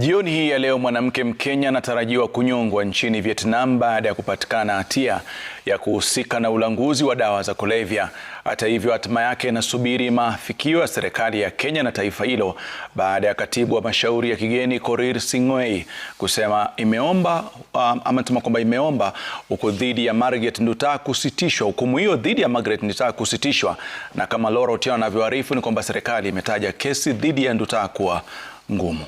Jioni hii ya leo mwanamke Mkenya anatarajiwa kunyongwa nchini Vietnam baada ya kupatikana na hatia ya kuhusika na ulanguzi wa dawa za kulevya. Hata hivyo, hatima yake inasubiri maafikio ya serikali ya Kenya na taifa hilo baada ya katibu wa mashauri ya kigeni Korir Sing'oei kusema imeomba um, sema kwamba imeomba huku dhidi ya Margaret Nduta kusitishwa hukumu hiyo dhidi ya Margaret Nduta kusitishwa, na kama Laura Otieno anavyoarifu ni kwamba serikali imetaja kesi dhidi ya Nduta kuwa ngumu.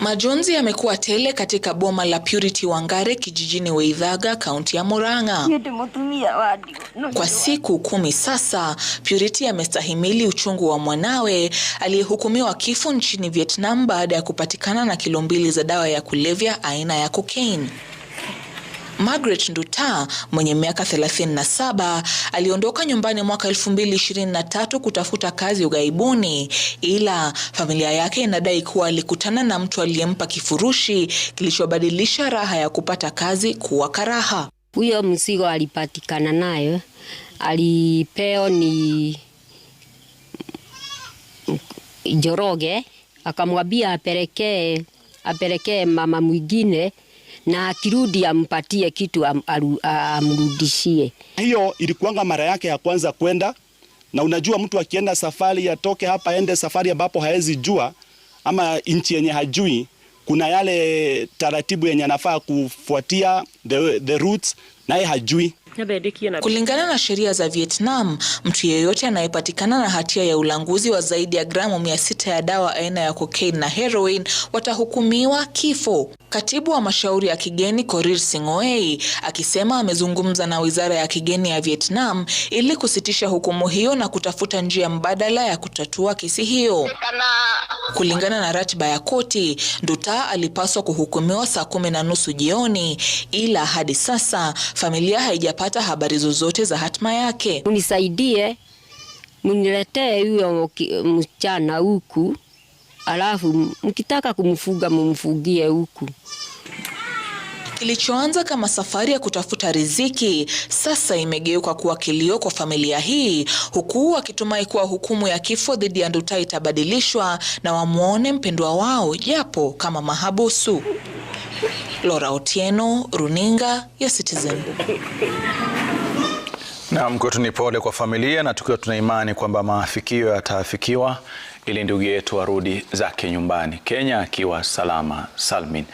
Majonzi yamekuwa tele katika boma la Purity Wangare kijijini weidhaga kaunti ya Murang'a. Kwa siku kumi sasa, Purity amestahimili uchungu wa mwanawe aliyehukumiwa kifo nchini Vietnam baada ya kupatikana na kilo mbili za dawa ya kulevya aina ya cocaine. Margaret Nduta mwenye miaka 37 aliondoka nyumbani mwaka 2023 kutafuta kazi ughaibuni, ila familia yake inadai kuwa alikutana na mtu aliyempa kifurushi kilichobadilisha raha ya kupata kazi kuwa karaha. Huyo mzigo alipatikana nayo, alipeo ni Njoroge, akamwambia apelekee apelekee mama mwingine na akirudi ampatie kitu am, amrudishie. Hiyo ilikuanga mara yake ya kwanza kwenda, na unajua mtu akienda safari atoke hapa aende safari ambapo haezi jua ama nchi yenye hajui, kuna yale taratibu yenye anafaa kufuatia the, the routes naye hajui. Kulingana na sheria za Vietnam, mtu yeyote anayepatikana na hatia ya ulanguzi wa zaidi ya gramu mia sita ya dawa aina ya cocaine na heroin watahukumiwa kifo. Katibu wa mashauri ya kigeni Korir Singoei akisema amezungumza na wizara ya kigeni ya Vietnam ili kusitisha hukumu hiyo na kutafuta njia mbadala ya kutatua kesi hiyo. Kulingana na ratiba ya koti, Nduta alipaswa kuhukumiwa saa kumi na nusu jioni, ila hadi sasa familia haijapata kupata habari zozote za hatma yake. Unisaidie, muniletee huyo mchana huku, alafu mkitaka kumfuga mumfugie huku. Kilichoanza kama safari ya kutafuta riziki sasa imegeuka kuwa kilio kwa familia hii, huku wakitumai kuwa hukumu ya kifo dhidi ya Nduta itabadilishwa na wamwone mpendwa wao japo kama mahabusu. Laura Otieno, runinga ya Citizen. Naam, kwetu ni pole kwa familia na tukiwa tuna imani kwamba maafikio yataafikiwa ili ndugu yetu arudi zake nyumbani Kenya akiwa salama salmin.